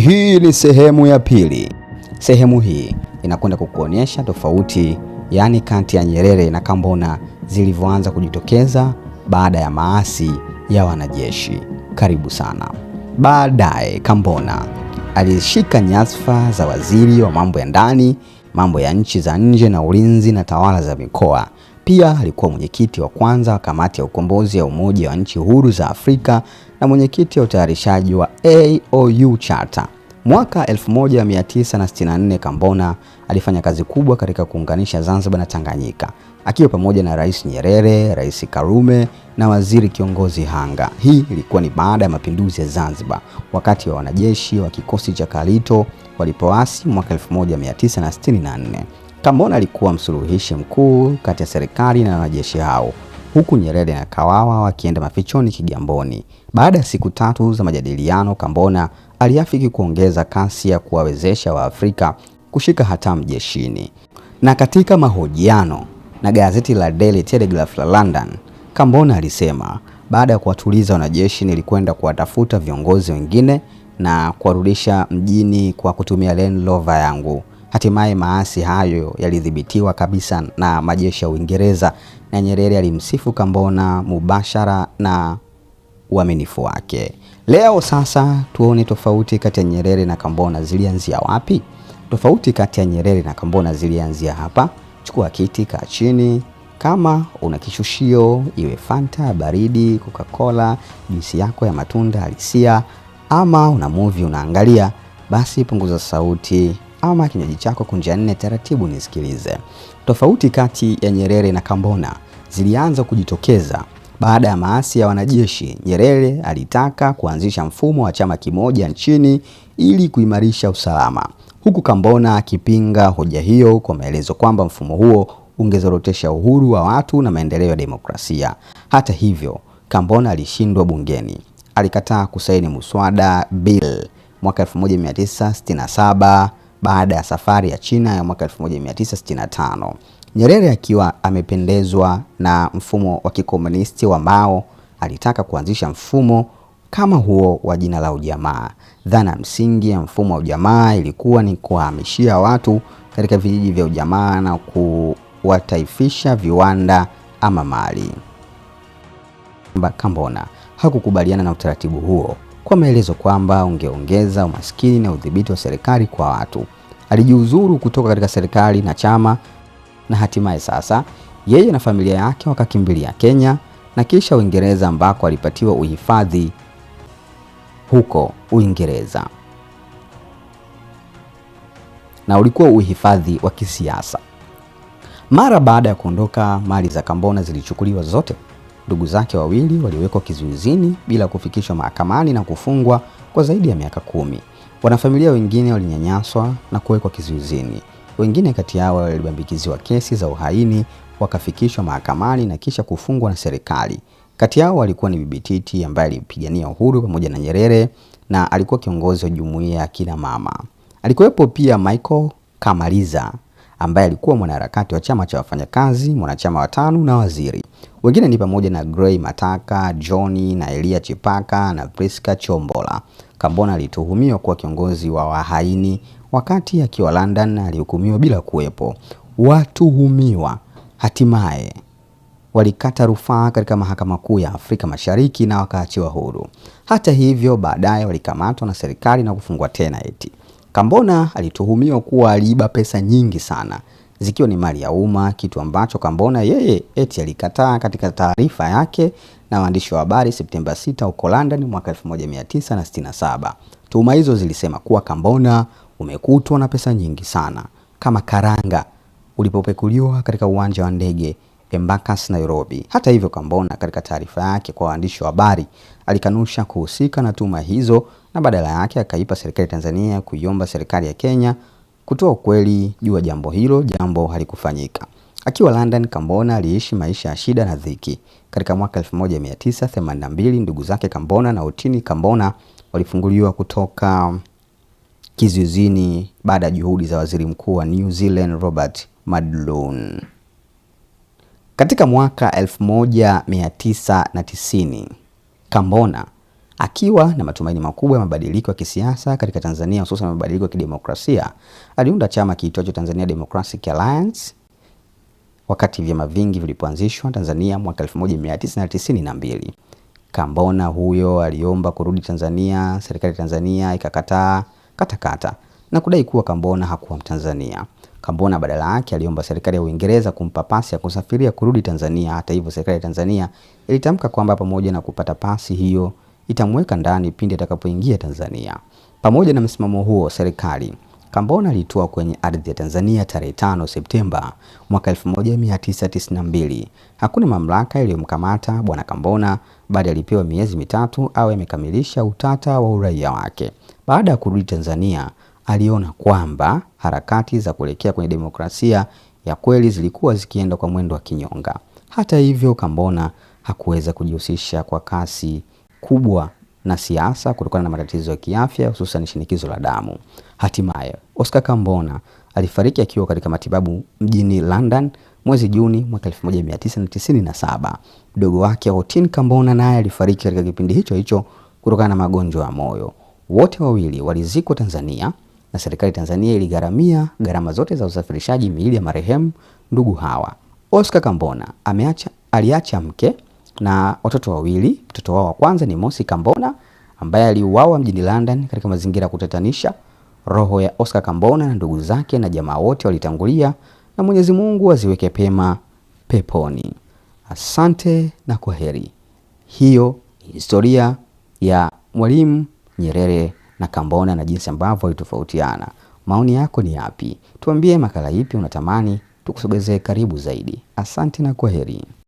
Hii ni sehemu ya pili. Sehemu hii inakwenda kukuonyesha tofauti yaani kati ya Nyerere na Kambona zilivyoanza kujitokeza baada ya maasi ya wanajeshi. Karibu sana. Baadaye Kambona alishika nyadhifa za waziri wa mambo ya ndani, mambo ya nchi za nje na ulinzi na tawala za mikoa. Pia alikuwa mwenyekiti wa kwanza wa kamati ya ukombozi ya Umoja wa Nchi Huru za Afrika na mwenyekiti wa utayarishaji wa AOU Charter. Mwaka 1964 Kambona alifanya kazi kubwa katika kuunganisha Zanzibar na Tanganyika akiwa pamoja na Rais Nyerere, Rais Karume na waziri kiongozi Hanga. Hii ilikuwa ni baada ya mapinduzi ya Zanzibar wakati wa wanajeshi wa kikosi cha Kalito walipoasi mwaka 1964. Kambona alikuwa msuluhishi mkuu kati ya serikali na wanajeshi hao huku Nyerere na Kawawa wakienda mafichoni Kigamboni. Baada ya siku tatu za majadiliano, Kambona aliafiki kuongeza kasi ya kuwawezesha Waafrika kushika hatamu jeshini. Na katika mahojiano na gazeti la Daily Telegraph la London, Kambona alisema, baada ya kuwatuliza wanajeshi, nilikwenda kuwatafuta viongozi wengine na kuwarudisha mjini kwa kutumia Land Rover yangu. Hatimaye maasi hayo yalidhibitiwa kabisa na majeshi ya Uingereza na Nyerere alimsifu Kambona mubashara na uaminifu wake. Leo sasa tuone tofauti kati ya Nyerere na Kambona zilianzia wapi? Tofauti kati ya Nyerere na Kambona zilianzia hapa. Chukua kiti, kaa chini. Kama una kishushio, iwe Fanta baridi, Coca-Cola, juisi yako ya matunda halisia, ama una movie unaangalia, basi punguza sauti ama kinywaji chako kunjia nne taratibu nisikilize. Tofauti kati ya Nyerere na Kambona zilianza kujitokeza baada ya maasi ya wanajeshi. Nyerere alitaka kuanzisha mfumo wa chama kimoja nchini ili kuimarisha usalama, huku Kambona akipinga hoja hiyo kwa maelezo kwamba mfumo huo ungezorotesha uhuru wa watu na maendeleo ya demokrasia. Hata hivyo, Kambona alishindwa bungeni, alikataa kusaini muswada bill mwaka 1967 baada ya safari ya China ya mwaka 1965. Nyerere akiwa amependezwa na mfumo wa kikomunisti wa Mao alitaka kuanzisha mfumo kama huo wa jina la ujamaa. Dhana msingi ya mfumo wa ujamaa ilikuwa ni kuwahamishia watu katika vijiji vya ujamaa na kuwataifisha viwanda ama mali. Kambona hakukubaliana na utaratibu huo kwa maelezo kwamba ungeongeza umaskini na udhibiti wa serikali kwa watu. Alijiuzuru kutoka katika serikali na chama na hatimaye sasa yeye na familia yake wakakimbilia Kenya na kisha Uingereza ambako alipatiwa uhifadhi huko Uingereza na ulikuwa uhifadhi wa kisiasa. Mara baada ya kuondoka, mali za Kambona zilichukuliwa zote. Ndugu zake wawili waliwekwa kizuizini bila kufikishwa mahakamani na kufungwa kwa zaidi ya miaka kumi. Wanafamilia wengine walinyanyaswa na kuwekwa kizuizini. Wengine kati yao walibambikiziwa kesi za uhaini, wakafikishwa mahakamani na kisha kufungwa na serikali. Kati yao walikuwa ni Bibi Titi ambaye alipigania uhuru pamoja na Nyerere na alikuwa kiongozi wa jumuiya ya kina mama. Alikuwepo pia Michael Kamaliza ambaye alikuwa mwanaharakati wa chama cha wafanyakazi, mwanachama wa tano na waziri. Wengine ni pamoja na Grey Mataka, Johnny na Elia Chipaka na Priska Chombola. Kambona alituhumiwa kuwa kiongozi wa wahaini wakati akiwa London, alihukumiwa bila kuwepo. Watuhumiwa hatimaye walikata rufaa katika mahakama kuu ya Afrika Mashariki na wakaachiwa huru. Hata hivyo, baadaye walikamatwa na serikali na kufungwa tena eti Kambona alituhumiwa kuwa aliiba pesa nyingi sana zikiwa ni mali ya umma, kitu ambacho Kambona yeye eti alikataa katika taarifa yake na waandishi wa habari Septemba 6 huko London mwaka 1967. Tuhuma hizo zilisema kuwa Kambona umekutwa na pesa nyingi sana kama karanga ulipopekuliwa katika uwanja wa ndege Embakasi Nairobi. Hata hivyo, Kambona katika taarifa yake kwa waandishi wa habari alikanusha kuhusika na tuhuma hizo na badala yake akaipa serikali Tanzania kuiomba serikali ya Kenya kutoa ukweli juu ya jambo hilo, jambo halikufanyika. Akiwa London, Kambona aliishi maisha ya shida na dhiki. Katika mwaka 1982 ndugu zake Kambona na Otini Kambona walifunguliwa kutoka kizuizini baada ya juhudi za waziri mkuu wa New Zealand Robert Madlun. Katika mwaka 1990 Kambona Akiwa na matumaini makubwa ya mabadiliko ya kisiasa katika Tanzania hususan mabadiliko ya kidemokrasia, aliunda chama kiitwacho Tanzania Democratic Alliance wakati vyama vingi vilipoanzishwa Tanzania mwaka 1992. Kambona huyo aliomba kurudi Tanzania, serikali ya Tanzania ikakataa katakata na kudai kuwa Kambona hakuwa Mtanzania. Kambona badala yake aliomba serikali ya Uingereza kumpa pasi ya kusafiria kurudi Tanzania. Hata hivyo, serikali ya Tanzania ilitamka kwamba pamoja na kupata pasi hiyo itamweka ndani pindi atakapoingia Tanzania. Pamoja na msimamo huo, serikali Kambona alitua kwenye ardhi ya Tanzania tarehe 5 Septemba mwaka 1992. Hakuna mamlaka iliyomkamata Bwana Kambona, baada alipewa miezi mitatu awe amekamilisha utata wa uraia wake. Baada ya kurudi Tanzania, aliona kwamba harakati za kuelekea kwenye demokrasia ya kweli zilikuwa zikienda kwa mwendo wa kinyonga. Hata hivyo, Kambona hakuweza kujihusisha kwa kasi kubwa na siasa kutokana na matatizo ya kiafya hususan shinikizo la damu. Hatimaye Oscar Kambona alifariki akiwa katika matibabu mjini London mwezi Juni mwaka 1997. Mdogo wake Otin Kambona naye alifariki katika kipindi hicho hicho kutokana na magonjwa ya moyo. Wote wawili walizikwa Tanzania na serikali Tanzania iligharamia gharama zote za usafirishaji miili ya marehemu ndugu hawa. Oscar Kambona ameacha aliacha mke na watoto wawili. Mtoto wao wa kwanza ni Mosi Kambona ambaye aliuawa mjini London katika mazingira ya kutatanisha. Roho ya Oscar Kambona na ndugu zake na jamaa wote walitangulia, na Mwenyezi Mungu aziweke pema peponi. Asante na kwaheri. Hiyo historia ya Mwalimu Nyerere na Kambona na jinsi ambavyo walitofautiana. Maoni yako ni yapi? Tuambie makala ipi unatamani tukusogezee karibu zaidi. Asante na kwaheri.